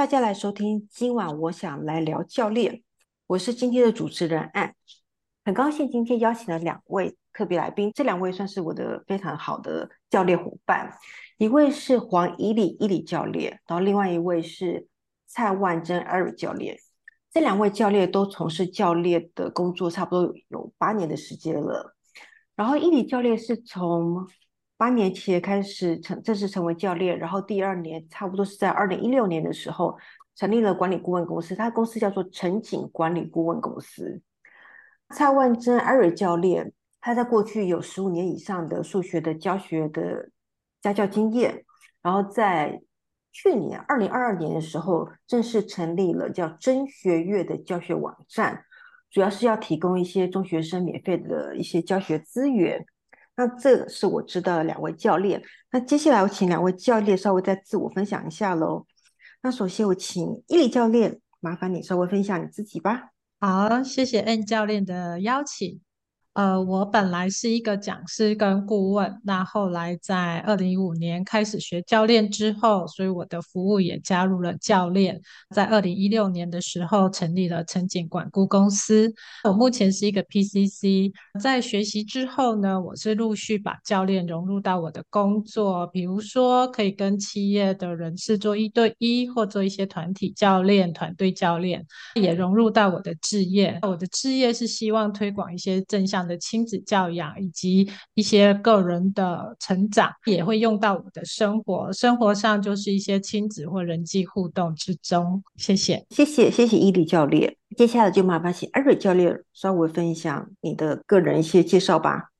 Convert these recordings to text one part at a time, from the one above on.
大家來收聽，今晚我想來聊教練，我是今天的主持人 Ann，很高興今天邀請了兩位特別來賓，這兩位算是我的非常好的教練夥伴，一位是黃衣莉衣莉教練，然後另外一位是蔡萬錚艾瑞教練。這兩位教練都從事教練的工作，差不多有八年的時間了。然後衣莉教練是從八年前開始成正式成為教練，然後第二年差不多是在二零一六年的時候成立了管理顧問公司，他的公司叫做丞錦管理顧問公司。蔡萬錚艾瑞教練，他在過去有十五年以上的數學的教學的家教經驗，然後在去年二零二二年的時候正式成立了叫錚學院的教學網站，主要是要提供一些中學生免費的一些教學資源。那這是我知道的兩位教練，那接下來我請兩位教練稍微再自我分享一下嘍。那首先我請衣莉教練，麻煩你稍微分享你自己吧。好，謝謝 Ann 教練的邀請。呃，我本來是一個講師跟顧問，那後來在二零一五年開始學教練之後，所以我的服務也加入了教練。在二零一六年的時候成立了丞錦管顧公司。我目前是一個 PCC，在學習之後呢，我是陸續把教練融入到我的工作，比如說可以跟企業的人士做一對一，或做一些團體教練、團隊教練，也融入到我的志業。我的志業是希望推廣一些正向。的親子教養以及一些個人的成長，也會用到我的生活，生活上就是一些親子或人際互動之中。謝謝，謝謝，謝謝 Yili 教練。接下來就麻煩請 Eric 教練稍微分享你的個人一些介紹吧。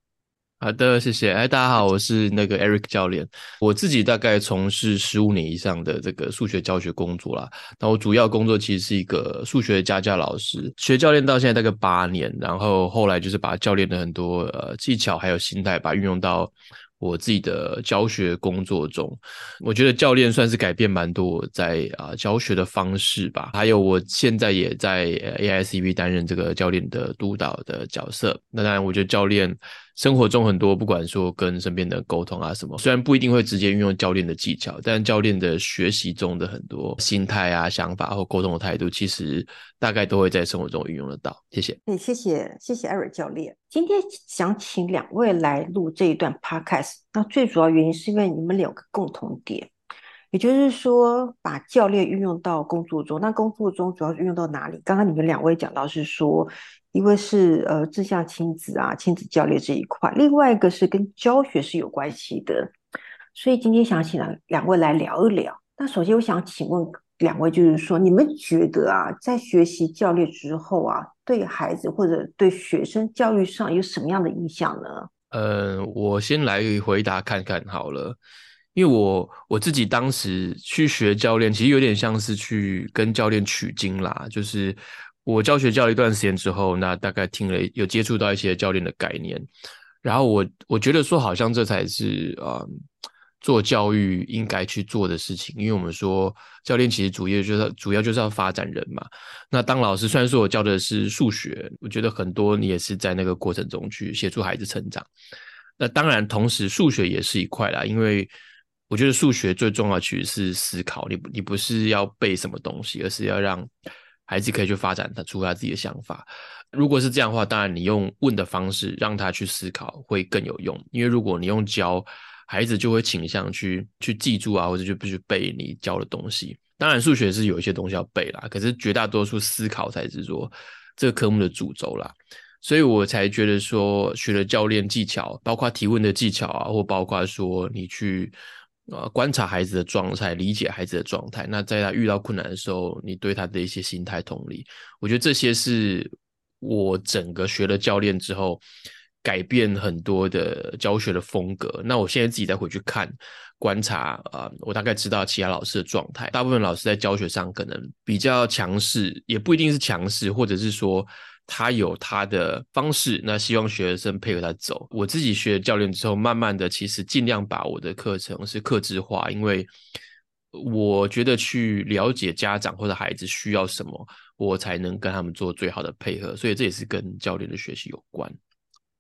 好的，謝謝。哎，大家好，我是那個 Eric 教練。我自己大概從事十五年以上的這個數學教學工作啦。那我主要工作其實是一個數學家教老師，學教練到現在大概八年。然後後來就是把教練的很多呃技巧還有心態，把運用到我自己的教學工作中。我覺得教練算是改變蠻多在啊教學的方式吧。還有我現在也在 ICF 擔任這個教練的督導的角色。那當然，我覺得教練。生活中很多，不管說跟身邊的溝通啊什麼，雖然不一定會直接運用教練的技巧，但教練的學習中的很多心態啊、想法或溝通的態度，其實大概都會在生活中運用得到。謝謝，對，謝謝謝謝 Eric 教練。今天想請兩位來錄這一段 Podcast，那最主要原因是因為你們兩個共同點，也就是說把教練運用到工作中，那工作中主要是運用到哪裡？剛剛你們兩位講到是說。一位是呃，正向親子啊，親子教練這一塊；另外一個是跟教學是有關係的，所以今天想請兩兩位來聊一聊。那首先我想請問兩位，就是說你們覺得啊，在學習教練之後啊，對孩子或者對學生教育上有什麼樣的影響呢？呃，我先來回答看看好了，因為我我自己當時去學教練，其實有點像是去跟教練取經啦，就是。我教學教了一段時間之後，那大概聽了有接觸到一些教練的概念，然後我我覺得說好像這才是啊、嗯、做教育應該去做的事情，因為我們說教練其實主業就是主要就是要發展人嘛。那當老師雖然說我教的是數學，我覺得很多你也是在那個過程中去協助孩子成長。那當然，同時數學也是一塊啦，因為我覺得數學最重要的其實是思考，你你不是要背什麼東西，而是要讓。孩子可以去發展他出他自己的想法。如果是這樣的話，當然你用問的方式讓他去思考會更有用。因為如果你用教，孩子就會傾向去去記住啊，或者就必須背你教的東西。當然數學是有一些東西要背啦，可是絕大多數思考才是說這個科目的主軸啦。所以我才覺得說學了教練技巧，包括提問的技巧啊，或包括說你去。呃，觀察孩子的狀態，理解孩子的狀態。那在他遇到困難的時候，你對他的一些心態同理，我覺得這些是我整個學了教練之後改變很多的教學的風格。那我現在自己再回去看觀察啊，呃，我大概知道其他老師的狀態。大部分老師在教學上可能比較強勢，也不一定是強勢，或者是說。他有他的方式，那希望學生配合他走。我自己學教練之後，慢慢的其實盡量把我的課程是客製化，因為我覺得去了解家長或者孩子需要什麼，我才能跟他們做最好的配合。所以這也是跟教練的學習有關。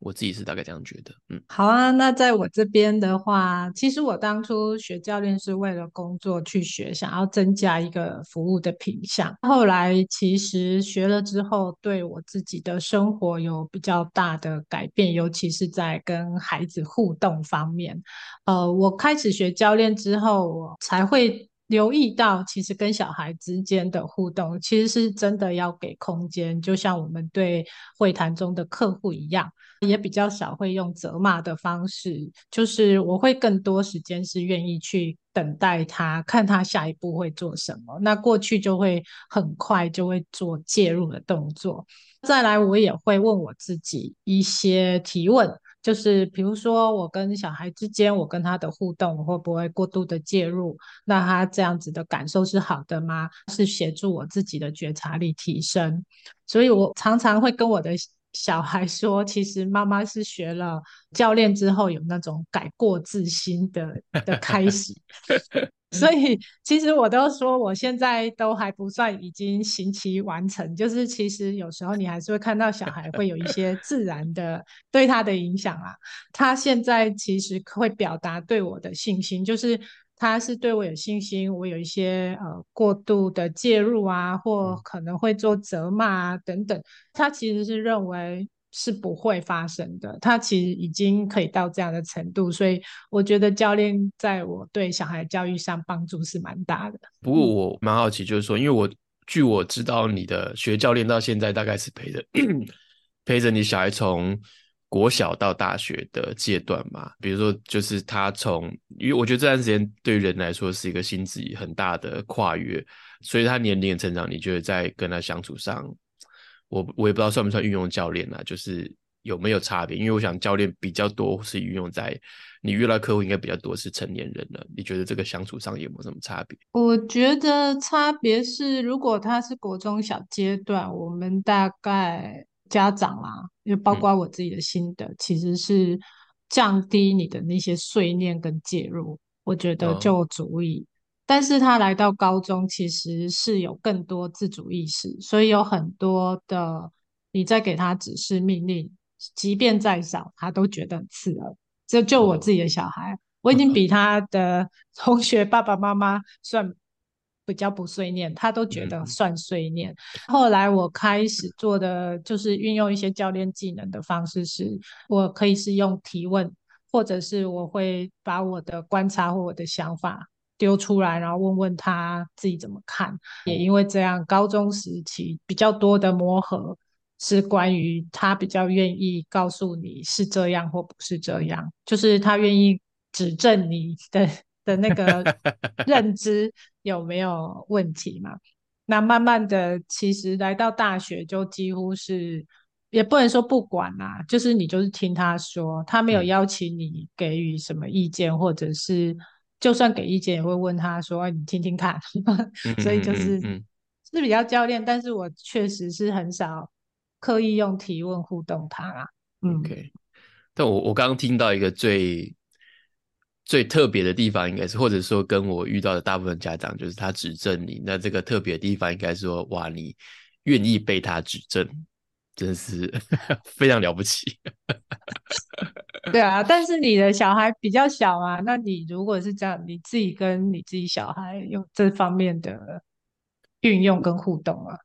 我自己是大概這樣覺得，嗯，好啊。那在我這邊的話，其實我當初學教練是為了工作去學，想要增加一個服務的品項。後來其實學了之後，對我自己的生活有比較大的改變，尤其是在跟孩子互動方面。呃，我開始學教練之後，我才會。留意到，其實跟小孩之間的互動，其實是真的要給空間，就像我們對會談中的客戶一樣，也比較少會用責罵的方式，就是我會更多時間是願意去等待他，看他下一步會做什麼。那過去就會很快就會做介入的動作。再來，我也會問我自己一些提問。就是比如說，我跟小孩之間，我跟他的互動，我會不會過度的介入？那他這樣子的感受是好的嗎？是協助我自己的覺察力提升。所以我常常會跟我的。小孩說：“其實媽媽是學了教練之後，有那種改過自新的的開始。 所以其實我都說，我現在都還不算已經刑期完成。就是其實有時候你還是會看到小孩會有一些自然的 對他的影響啊。他現在其實會表達對我的信心，就是。”他是對我有信心，我有一些呃過度的介入啊，或可能會做責罵啊等等，他其實是認為是不會發生的。他其實已經可以到這樣的程度，所以我覺得教練在我對小孩教育上幫助是蠻大的。不過我蠻好奇，就是說，因為我據我知道，你的學教練到現在大概是陪着 陪着你小孩從國小到大學的階段嘛，比如說，就是他從，因為我覺得這段時間對人來說是一個心智很大的跨越，所以他年齡的成長，你覺得在跟他相處上，我我也不知道算不算運用教練呢、啊，就是有沒有差別？因為我想教練比較多是運用在你遇到客戶應該比較多是成年人了，你覺得這個相處上有沒有什麼差別？我覺得差別是，如果他是國中小階段，我們大概。家長啦、啊，也包括我自己的心得、嗯，其實是降低你的那些碎念跟介入，我覺得就足以、哦。但是他來到高中，其實是有更多自主意識，所以有很多的你在給他指示命令，即便再少，他都覺得很刺耳。這就，就我自己的小孩、哦，我已經比他的同學爸爸媽媽算。比較不碎念，他都覺得算碎念。嗯。後來我開始做的就是運用一些教練技能的方式是，是我可以是用提問，或者是我會把我的觀察或我的想法丟出來，然後問問他自己怎麼看。也因為這樣，高中時期比較多的磨合是關於他比較願意告訴你是這樣或不是這樣，就是他願意指正你的。的那個認知有沒有問題嘛？ 那慢慢的，其實來到大學就幾乎是也不能說不管啦，啊，就是你就是聽他說，他沒有邀請你給予什麼意見，嗯，或者是就算給意見也會問他說：“哎，你聽聽看。 ”所以就是嗯嗯嗯嗯，是比較教練，但是我確實是很少刻意用提問互動他啊。嗯，OK，但我我剛剛聽到一個最。最特別的地方應該是，或者說跟我遇到的大部分家長，就是他指正你。那這個特別的地方應該是說，哇，你願意被他指正，真是非常了不起。 對啊，但是你的小孩比較小啊，那你如果是這樣，你自己跟你自己小孩用這方面的運用跟互動啊，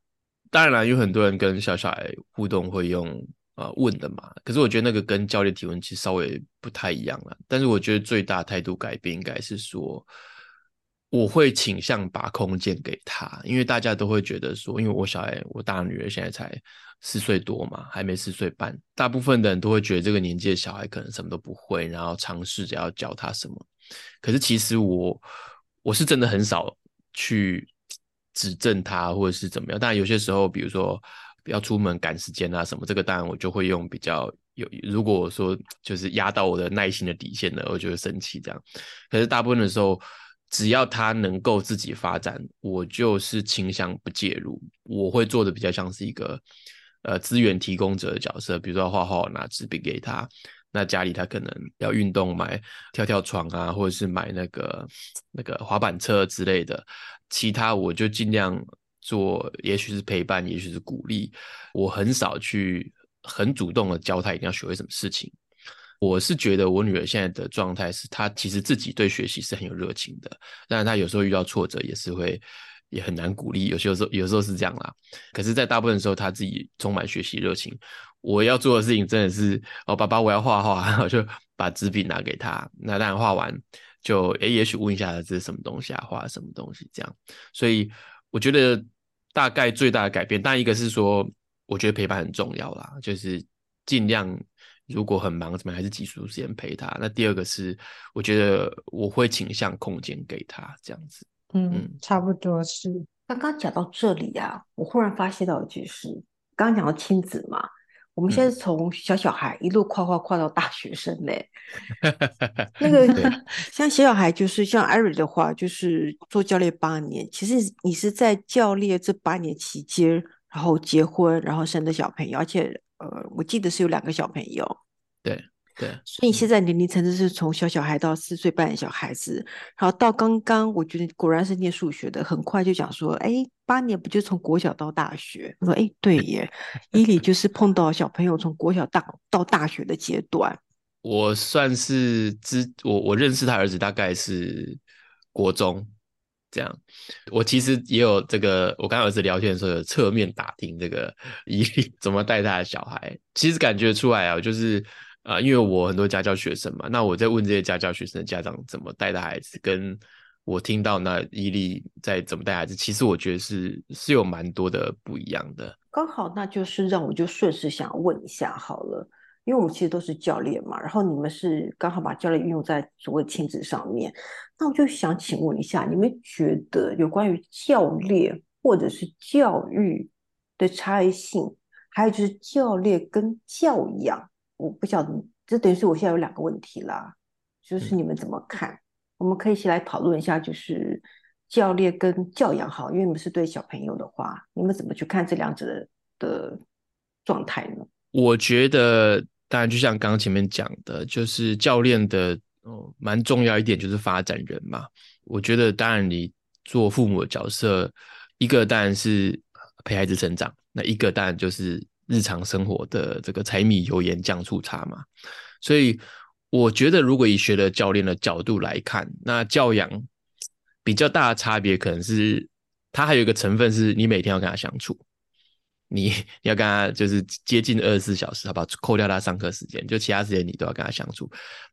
當然了，有很多人跟小小孩互動會用，呃，問的嘛，可是我覺得那個跟教練提問其實稍微不太一樣了。但是我覺得最大的態度改變應該是說，我會傾向把空間給他，因為大家都會覺得說，因為我小孩，我大女兒現在才四歲多嘛，還沒四歲半，大部分的人都會覺得這個年紀的小孩可能什麼都不會，然後嘗試着要教他什麼。可是其實我我是真的很少去指正他或者是怎麼樣，但有些時候，比如說。要出門趕時間啊什麼，這個當然我就會用比較有，如果我說就是壓到我的耐心的底線了，我就會生氣這樣。可是大部分的時候，只要他能夠自己發展，我就是傾向不介入。我會做的比較像是一個呃資源提供者的角色，比如說畫畫拿紙筆給他，那家裡他可能要運動買跳跳床啊，或者是買那個那個滑板車之類的，其他我就盡量。做，也許是陪伴，也許是鼓勵。我很少去很主動的教他一定要學會什麼事情。我是覺得我女兒現在的狀態是，她其實自己對學習是很有熱情的。但是她有時候遇到挫折也是會也很難鼓勵。有些時候有時候是這樣啦。可是，在大部分時候，她自己充滿學習熱情。我要做的事情真的是哦，爸爸，我要畫畫，我 就把紙筆拿給她。那當然畫完就誒、欸，也許問一下這是什麼東西啊，畫什麼東西這樣。所以我覺得。大概最大的改變，但一個是說，我覺得陪伴很重要啦，就是盡量如果很忙，怎麼還是擠出時間陪他。那第二個是，我覺得我會傾向空間給他這樣子。嗯，嗯差不多是。剛剛講到這裡啊，我忽然發現到一句是，剛剛講到親子嘛。 我們現在從小小孩一路跨跨跨到大學生嘞，那個像小小孩就是像 Eric 的話，就是做教練八年。其實你是在教練這八年期間，然後結婚，然後生的小朋友，而且呃，我記得是有兩個小朋友。 對。對，所以現在年齡層次是從小小孩到四歲半的小孩子，嗯、然後到剛剛，我覺得果然是念數學的，很快就講說，哎，八年不就從國小到大學？說，哎，對耶， 衣莉就是碰到小朋友從國小大到大學的階段。我算是知，我我認識他兒子大概是國中這樣，我其實也有這個，我跟兒子聊天的時候有側面打聽這個衣莉怎麼帶他的小孩，其實感覺出來啊，就是。啊、呃，因為我很多家教學生嘛，那我在問這些家教學生的家長怎麼帶的孩子，跟我聽到那衣莉在怎麼帶孩子，其實我覺得是是有蠻多的不一樣的。剛好，那就是讓我就順勢想問一下好了，因為我們其實都是教練嘛，然後你們是剛好把教練運用在所謂親子上面，那我就想請問一下，你們覺得有關於教練或者是教育的差異性，還有就是教練跟教養。我不曉得，這等於是我現在有兩個問題啦，就是你們怎麼看？嗯，我們可以先來討論一下，就是教練跟教養好，因為你們是對小朋友的話，你們怎麼去看這兩者的狀態呢？我覺得，當然就像剛剛前面講的，就是教練的哦，蠻重要一點就是發展人嘛。我覺得，當然你做父母的角色，一個當然是陪孩子成長，那一個當然就是。日常生活的這個柴米油鹽醬醋茶嘛，所以我覺得，如果以學的教練的角度來看，那教養比較大的差別，可能是它還有一個成分是，你每天要跟他相處，你你要跟他就是接近二十四小時，好吧，扣掉他上課時間，就其他時間你都要跟他相處，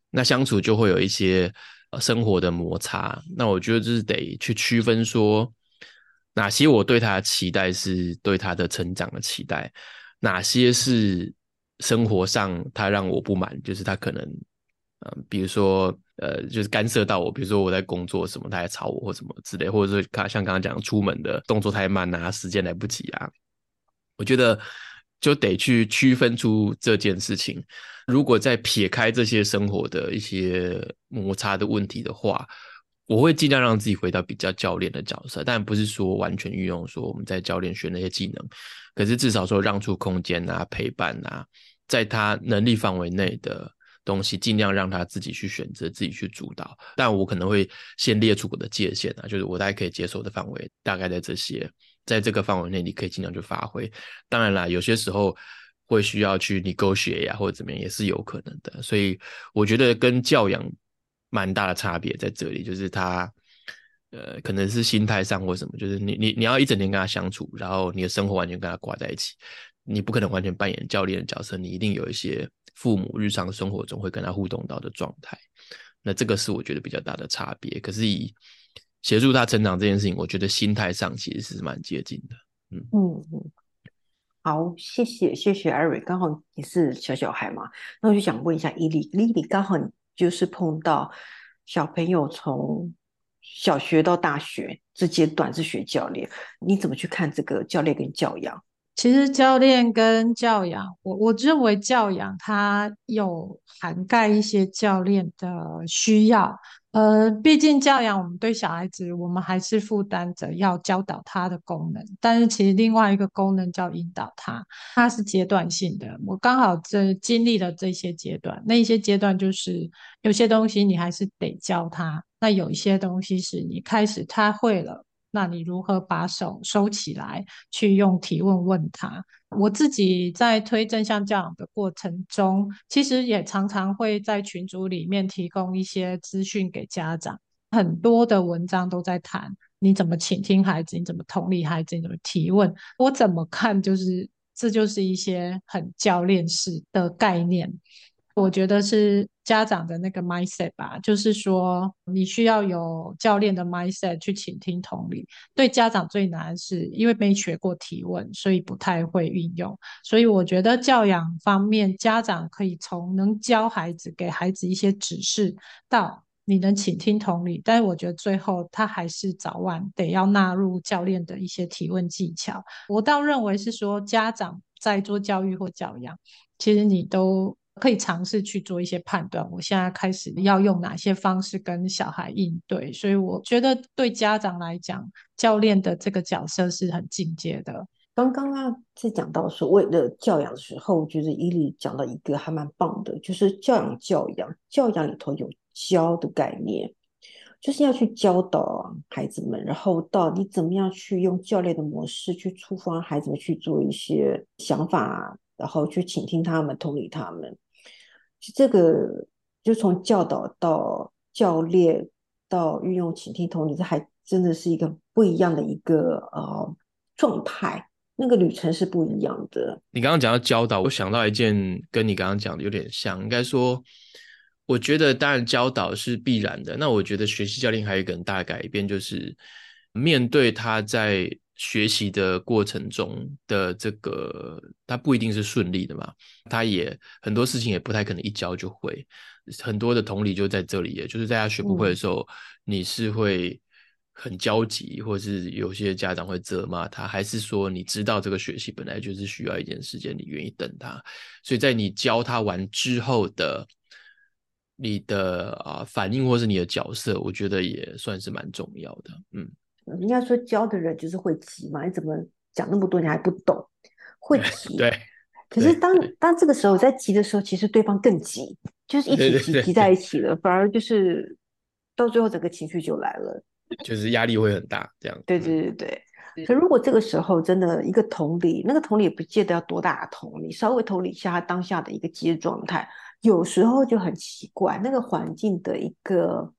那相處就會有一些生活的摩擦。那我覺得就是得去區分說，哪些我對他的期待是對他的成長的期待。哪些是生活上他讓我不滿？就是他可能，嗯、呃，比如說，呃，就是干涉到我，比如說我在工作什麼，他在吵我或什麼之類，或者是他像剛剛講出門的動作太慢啊，時間來不及啊。我覺得就得去區分出這件事情。如果在撇開這些生活的一些摩擦的問題的話，我會盡量讓自己回到比較教練的角色，但不是說完全運用說我們在教練學那些技能。可是至少說讓出空間啊，陪伴啊，在他能力範圍內的東西，盡量讓他自己去選擇，自己去主導。但我可能會先列出我的界限啊，就是我大概可以接受的範圍，大概在這些，在這個範圍內，你可以盡量去發揮。當然啦，有些時候會需要去 negotiate 啊，或者怎麼樣，也是有可能的。所以我覺得跟教養蠻大的差別在這裡，就是他。呃，可能是心態上或什麼，就是你你你要一整天跟他相處，然後你的生活完全跟他掛在一起，你不可能完全扮演教練的角色，你一定有一些父母日常生活中會跟他互動到的狀態，那這個是我覺得比較大的差別。可是以協助他成長這件事情，我覺得心態上其實是蠻接近的。嗯嗯嗯，好，謝謝謝謝艾瑞，剛好你是小小孩嘛，那我就想問一下衣莉，衣莉，剛好就是碰到小朋友從小學到大學這階段是學教練，你怎麼去看這個教練跟教養？其實教練跟教養，我我認為教養它有涵蓋一些教練的需要。呃，畢竟教養，我們對小孩子，我們還是負擔着要教導他的功能。但是其實另外一個功能叫引導他，他是階段性的。我剛好這經歷了這些階段，那一些階段就是有些東西你還是得教他，那有一些東西是你開始他會了。那你如何把手收起來，去用提問問他？我自己在推正向教養的過程中，其實也常常會在群組裡面提供一些資訊給家長。很多的文章都在談你怎麼傾聽孩子，你怎麼同理孩子，你怎麼提問。我怎麼看，就是這就是一些很教練式的概念。我覺得是家長的那個 mindset 吧，就是說你需要有教練的 mindset 去傾聽、同理。對家長最難是因為沒學過提問，所以不太會運用。所以我覺得教養方面，家長可以從能教孩子給孩子一些指示，到你能傾聽、同理。但是我覺得最後他還是早晚得要納入教練的一些提問技巧。我倒認為是說，家長在做教育或教養，其實你都可以嘗試去做一些判斷，我現在開始要用哪些方式跟小孩應對？所以我覺得對家長來講，教練的這個角色是很進階的。剛剛啊，在講到所謂的教養的時候，我覺得衣莉講到一個還蠻棒的，就是教養教養教養裡頭有教的概念，就是要去教導孩子們，然後到你怎麼樣去用教練的模式去觸發孩子們去做一些想法，然後去傾聽他們、同理他們。這個就從教導到教練到運用傾聽同理，你這還真的是一個不一樣的一個呃狀態，那個旅程是不一樣的。你剛剛講到教導，我想到一件跟你剛剛講的有點像，應該說，我覺得當然教導是必然的，那我覺得學習教練還有一個很大的改變就是面對他在，學習的過程中的這個，他不一定是順利的嘛，他也很多事情也不太可能一教就會，很多的同理就在這裡也，也就是在他學不會的時候、嗯，你是會很焦急，或是有些家長會責罵他，還是說你知道這個學習本來就是需要一點時間，你願意等他，所以在你教他完之後的你的啊、呃、反應或是你的角色，我覺得也算是蠻重要的，嗯。人家說，教的人就是會急嘛，你怎麼講那麼多，你還不懂？會急。對。可是當當這個時候在急的時候，其實對方更急，就是一直急對對對，急在一起了，反而就是到最後整個情緒就來了，就是壓力會很大，這樣子。對對對對。對，可如果這個時候真的一個同理，那個同理也不見得要多大的同理，稍微同理一下他當下的一個急的狀態，有時候就很奇怪，那個環境的一個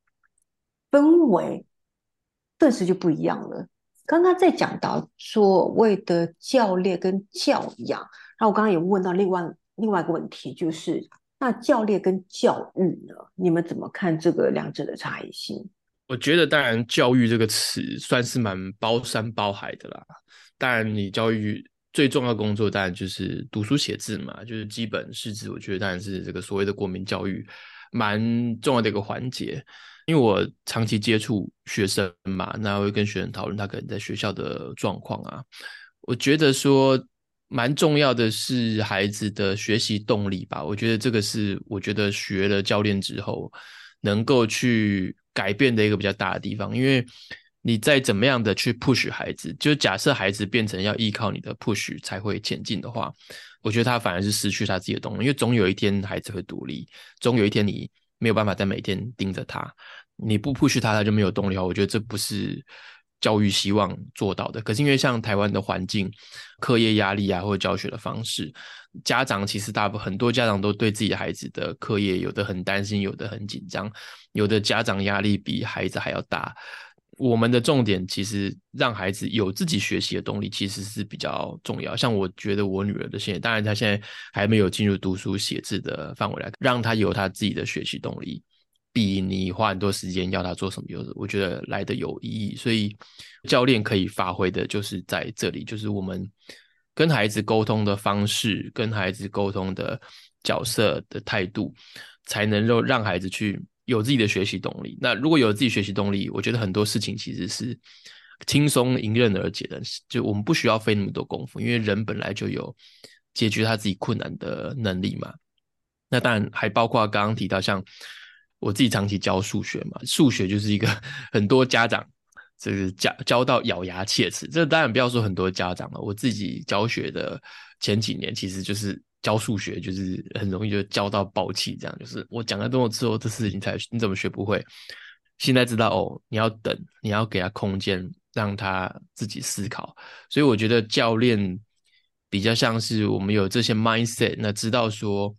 氛圍。頓時就不一樣了。剛剛在講到所謂的教練跟教養，那我剛剛也問到另外另外一個問題，就是那教練跟教育呢，你們怎麼看這個兩者的差異性？我覺得當然，教育這個詞算是蠻包山包海的啦。當然，你教育最重要工作，當然就是讀書寫字嘛，就是基本是指我覺得當然是這個所謂的國民教育，蠻重要的一個環節。因為我長期接觸學生嘛，那我會跟學生討論他可能在學校的狀況啊。我覺得說蠻重要的是孩子的學習動力吧。我覺得這個是我覺得學了教練之後能夠去改變的一個比較大的地方。因為你再怎麼樣的去 push 孩子，就假設孩子變成要依靠你的 push 才會前進的話，我覺得他反而是失去他自己的動力。因為總有一天孩子會獨立，總有一天你。沒有辦法在每天盯着他，你不 push 他，他就沒有動力。好，我覺得這不是教育希望做到的。可是因為像台灣的環境、課業壓力啊，或者教學的方式，家長其實大部分很多家長都對自己的孩子的課業有的很擔心，有的很緊張，有的家長壓力比孩子還要大。我們的重點其實讓孩子有自己學習的動力，其實是比較重要。像我覺得我女兒的現在，當然她現在還沒有進入讀書寫字的範圍來，讓她有她自己的學習動力，比你花很多時間要她做什麼，我覺得來得有意義。所以教練可以發揮的就是在這裡，就是我們跟孩子溝通的方式、跟孩子溝通的角色的態度，才能夠讓孩子去。有自己的學習動力，那如果有自己學習動力，我覺得很多事情其實是輕鬆迎刃而解的，就我們不需要費那麼多功夫，因為人本來就有解決他自己困難的能力嘛。那當然還包括剛剛提到，像我自己長期教數學嘛，數學就是一個很多家長這個教教到咬牙切齒，這當然不要說很多家長了，我自己教學的前幾年其實就是。教數學就是很容易就教到爆氣，這樣就是我講了這麼多之後，這事情你才你怎麼學不會？現在知道哦，你要等，你要給他空間，讓他自己思考。所以我覺得教練比較像是我們有這些 mindset，那知道說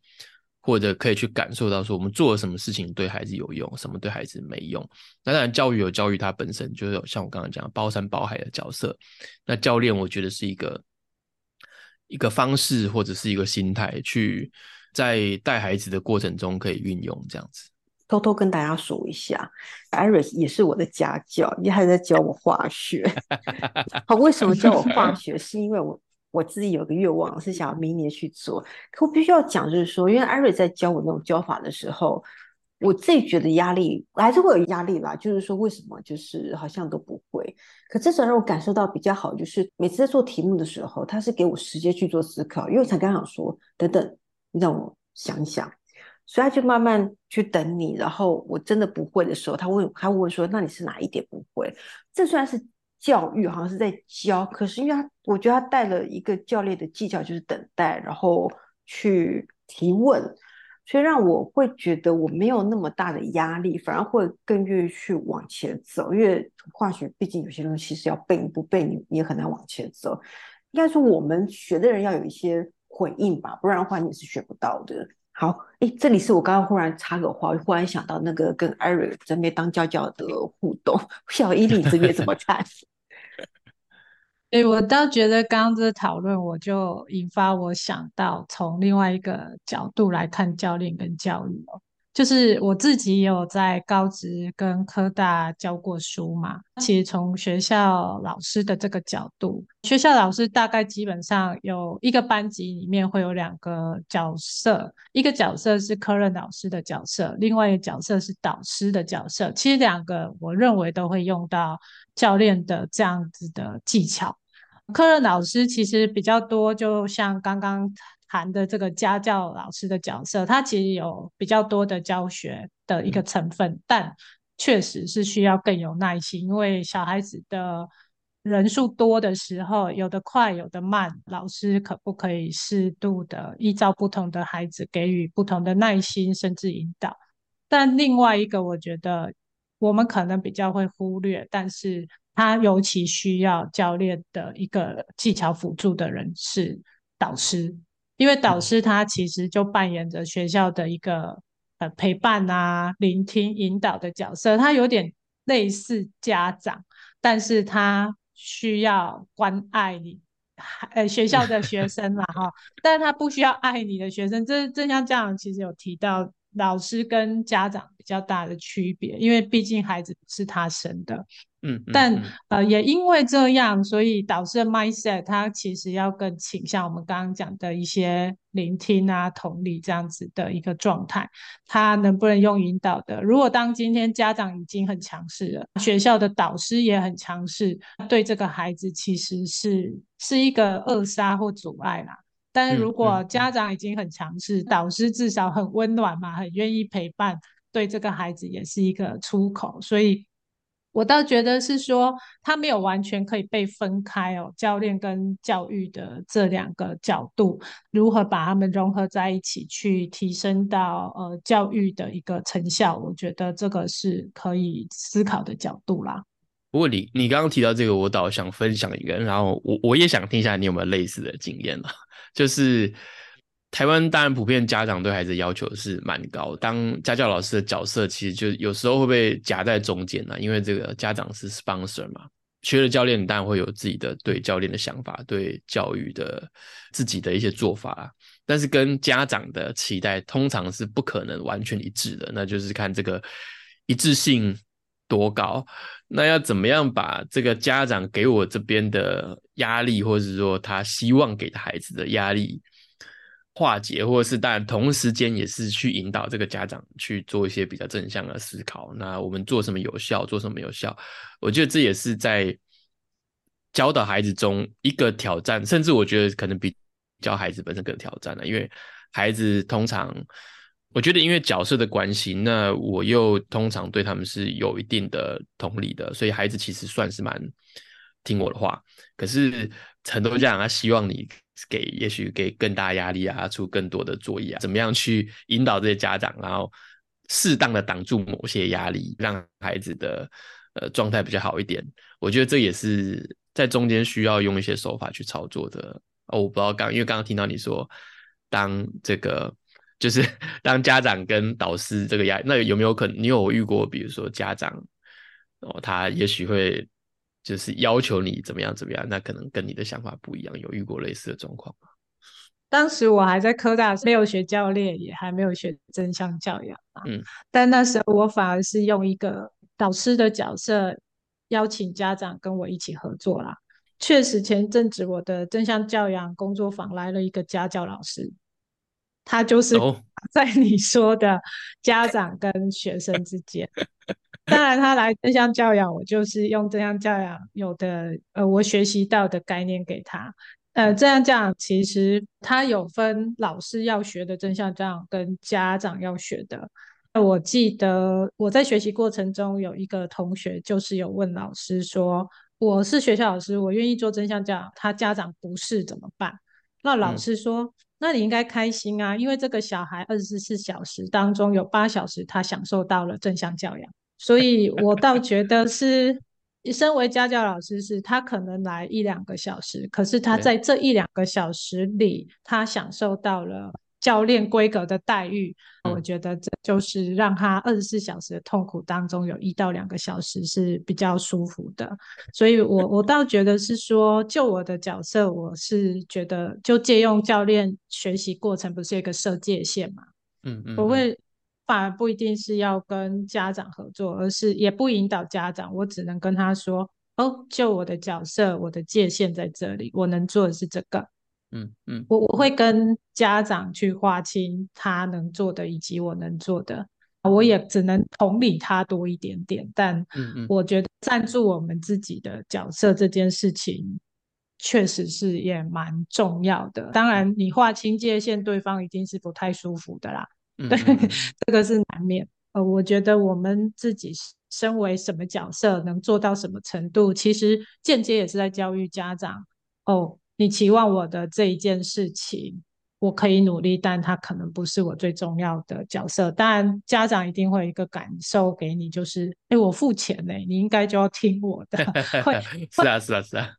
或者可以去感受到說我們做了什麼事情對孩子有用，什麼對孩子沒用。那當然教育有教育它本身就是有像我剛剛講的包山包海的角色，那教練我覺得是一個。一個方式或者是一個心態，去在帶孩子的過程中可以運用這樣子。偷偷跟大家說一下，艾瑞也是我的家教，也還在教我化學。 好，為什麼教我化學？ 是因為我我自己有個願望，是想要明年去做。可我必須要講，就是說，因為艾瑞在教我那種教法的時候。我自己覺得壓力還是會有壓力吧，就是說為什麼就是好像都不會，可至少讓我感受到比較好，就是每次在做題目的時候，他是給我時間去做思考，因為我才剛想說等等，讓我想一想，所以他就慢慢去等你，然後我真的不會的時候，他問他問說那你是哪一點不會？這算是教育，好像是在教，可是因為他我覺得他帶了一個教練的技巧，就是等待，然後去提問。所以讓我會覺得我沒有那麼大的壓力，反而會更願意去往前走。因為化學畢竟有些東西是要背，不背你，你也很難往前走。應該說我們學的人要有一些回應吧，不然的話你也是學不到的。好，誒，這裡是我剛剛忽然插個話，我忽然想到那個跟 Eric 在那邊當教教的互動，小衣莉這邊怎麼看？ 哎、欸，我倒覺得剛剛這個討論，我就引發我想到，從另外一個角度來看教練跟教育哦。就是我自己也有在高職跟科大教過書嘛，其實從學校老師的這個角度，學校老師大概基本上有一個班級裡面會有兩個角色，一個角色是科任老師的角色，另外一個角色是導師的角色。其實兩個我認為都會用到教練的這樣子的技巧。科任老師其實比較多，就像剛剛。含的這個家教老師的角色，他其實有比較多的教學的一個成分，嗯，但確實是需要更有耐心，因為小孩子的人數多的時候，有的快，有的慢，老師可不可以適度的依照不同的孩子給予不同的耐心，甚至引導。但另外一個，我覺得我們可能比較會忽略，但是他尤其需要教練的一個技巧輔助的人是導師。嗯因為導師他其實就扮演着學校的一個呃陪伴啊、聆聽、引導的角色，他有點類似家長，但是他需要關愛你，呃，學校的學生嘛、哦，哈， 但是他不需要愛你的學生，這正像這樣其實有提到。老師跟家長比較大的區別，因為畢竟孩子不是他生的，嗯，嗯，嗯，但呃也因為這樣，所以導師的 mindset 他其實要更傾向我們剛剛講的一些聆聽啊、同理這樣子的一個狀態。他能不能用引導的？如果當今天家長已經很強勢了，學校的導師也很強勢，對這個孩子其實是是一個扼殺或阻礙啦。但是如果家長已經很強勢，嗯嗯，導師至少很溫暖嘛，很願意陪伴，對這個孩子也是一個出口。所以，我倒覺得是說，他沒有完全可以被分開哦。教練跟教育的這兩個角度，如何把他們融合在一起，去提升到呃教育的一個成效，我覺得這個是可以思考的角度啦。不過你你剛剛提到這個，我倒想分享一個，然後我我也想聽一下你有沒有類似的經驗啊，就是台灣當然普遍家長對孩子要求是蠻高，當家教老師的角色其實就有時候會被夾在中間啊，因為這個家長是 sponsor 嘛，學的教練你當然會有自己的對教練的想法，對教育的自己的一些做法啊，但是跟家長的期待通常是不可能完全一致的，那就是看這個一致性多高。那要怎麼樣把這個家長給我這邊的壓力，或者是說他希望給孩子的壓力化解，或者是當然同時間也是去引導這個家長去做一些比較正向的思考。那我們做什麼有效，做什麼有效？我覺得這也是在教導孩子中一個挑戰，甚至我覺得可能比教孩子本身更挑戰了，因為孩子通常。我覺得，因為角色的關係，那我又通常對他們是有一定的同理的，所以孩子其實算是蠻聽我的話。可是很多家長他啊，希望你給，也許給更大壓力啊，出更多的作業啊，怎麼樣去引導這些家長，然後適當的擋住某些壓力，讓孩子的呃狀態比較好一點。我覺得這也是在中間需要用一些手法去操作的。哦，我不知道剛，因為剛剛聽到你說當這個。就是當家長跟導師這個壓力，那有沒有可能你有遇過？比如說家長，哦，他也許會就是要求你怎麼樣怎麼樣，那可能跟你的想法不一樣。有遇過類似的狀況嗎？當時我還在科大，沒有學教練，也還沒有學正向教養。嗯，但那時候我反而是用一個導師的角色，邀請家長跟我一起合作啦。確實，前陣子我的正向教養工作坊來了一個家教老師。他就是在你說的家長跟學生之間， 當然他來正向教養，我就是用正向教養。有的呃，我學習到的概念給他，呃，正向教養其實他有分老師要學的正向教養跟家長要學的。我記得我在學習過程中有一個同學就是有問老師說：“我是學校老師，我願意做正向教養，他家長不是怎麼辦？”那老師說。嗯那你應該開心啊，因為這個小孩二十四小時當中有八小時他享受到了正向教養，所以我倒覺得是，身為家教老師，是他可能來一兩個小時，可是他在這一兩個小時裡他享受到了。教練規格的待遇，嗯，我覺得這就是讓他二十四小時的痛苦當中有一到兩個小時是比較舒服的。所以我，我我倒覺得是說，就我的角色，我是覺得就借用教練學習過程，不是一個設界限嘛？嗯，嗯嗯，我會反而不一定是要跟家長合作，而是也不引導家長，我只能跟他說：哦，就我的角色，我的界限在這裡，我能做的是這個。嗯嗯，我我會跟家長去劃清他能做的以及我能做的，我也只能同理他多一點點。但我覺得站住我們自己的角色這件事情，確實是也蠻重要的。當然，你劃清界限，對方已經是不太舒服的啦。對、嗯， 這個是難免。呃，我覺得我們自己身為什麼角色，能做到什麼程度，其實間接也是在教育家長哦。你期望我的這一件事情，我可以努力，但他可能不是我最重要的角色。當然，家長一定會有一個感受給你，就是，哎、欸，我付錢呢，你應該就要聽我的。會， 是啊，是啊，是啊。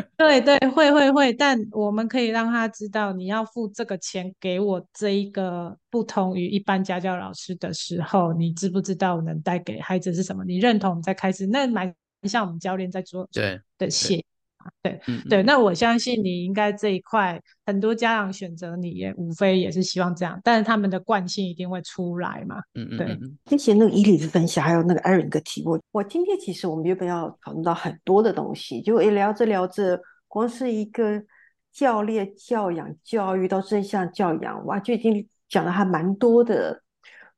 對對，會會會。但我們可以讓他知道，你要付這個錢給我這一個不同於一般家教老師的時候，你知不知道我能帶給孩子是什麼？你認同，我們再開始。那蠻像我們教練在做的對的事。對，嗯嗯，對，那我相信你應該這一塊很多家長選擇你也無非也是希望這樣，但是他們的慣性一定會出來嘛。嗯嗯，嗯，對。之前那個衣莉的分享還有那個艾倫的提問，我今天其實我們原本要討論到很多的東西，就一、欸、聊着聊着，光是一個教練教養、教育到正向教養，哇，就已經講的還蠻多的。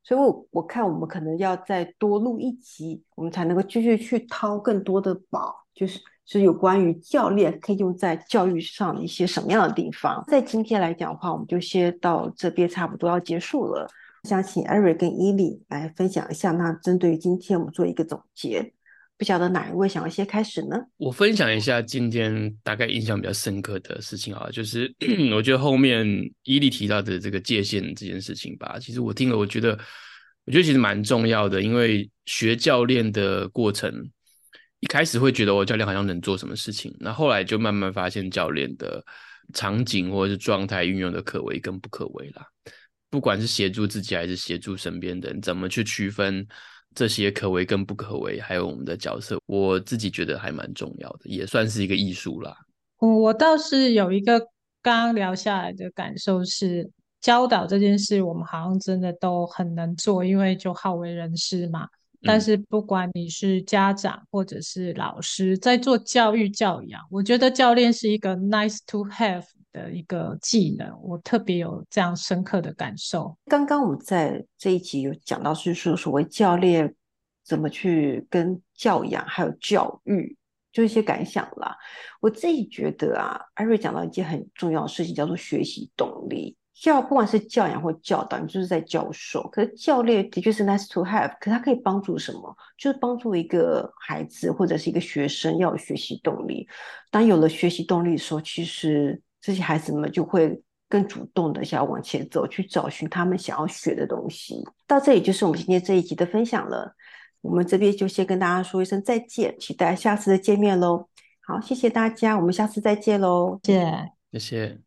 所以我我看我們可能要再多錄一集，我們才能夠繼續去掏更多的寶，就是。所以，有關於教練可以用在教育上的一些什麼樣的地方，在今天來講的話，我們就先到這邊差不多要結束了。想請 Eric 跟 Yili 來分享一下，那針對於今天我們做一個總結，不曉得哪一位想要先開始呢？我分享一下今天大概印象比較深刻的事情啊，就是咳咳我覺得後面 Yili 提到的這個界限這件事情吧，其實我聽了，我覺得我覺得其實蠻重要的，因為學教練的過程。開始會覺得我教練好像能做什麼事情，那後，後來就慢慢發現教練的場景或者是狀態運用的可為跟不可為啦。不管是協助自己還是協助身邊的人，怎麼去區分這些可為跟不可為，還有我們的角色，我自己覺得還蠻重要的，也算是一個藝術啦。我倒是有一個剛剛聊下來的感受是，教導這件事，我們好像真的都很能做，因為就好為人師嘛。但是不管你是家長或者是老師，在做教育教養，我覺得教練是一個 nice to have 的一個技能，我特別有這樣深刻的感受。剛剛我們在這一集有講到，是說所謂教練怎麼去跟教養還有教育，就一些感想了。我自己覺得啊，Eric 講到一件很重要的事情，叫做學習動力。教，不管是教養或教導，你就是在教授。可是教練的確是 nice to have，可他可以幫助什麼？就是幫助一個孩子或者是一個學生要有學習動力。當有了學習動力的時候，其實這些孩子們就會更主動的想要往前走，去找尋他們想要學的東西。到這裡就是我們今天這一集的分享了。我們這邊就先跟大家說一聲再見，期待下次的見面嘍。好，謝謝大家，我們下次再見嘍。謝謝，謝謝。